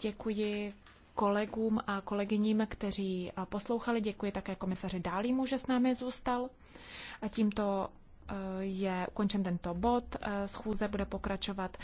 Děkuji kolegům a kolegyním, kteří poslouchali. Děkuji také komisaři Dálímu, že s námi zůstal. A tímto eh, je ukončen tento bod. Eh, schůze bude pokračovat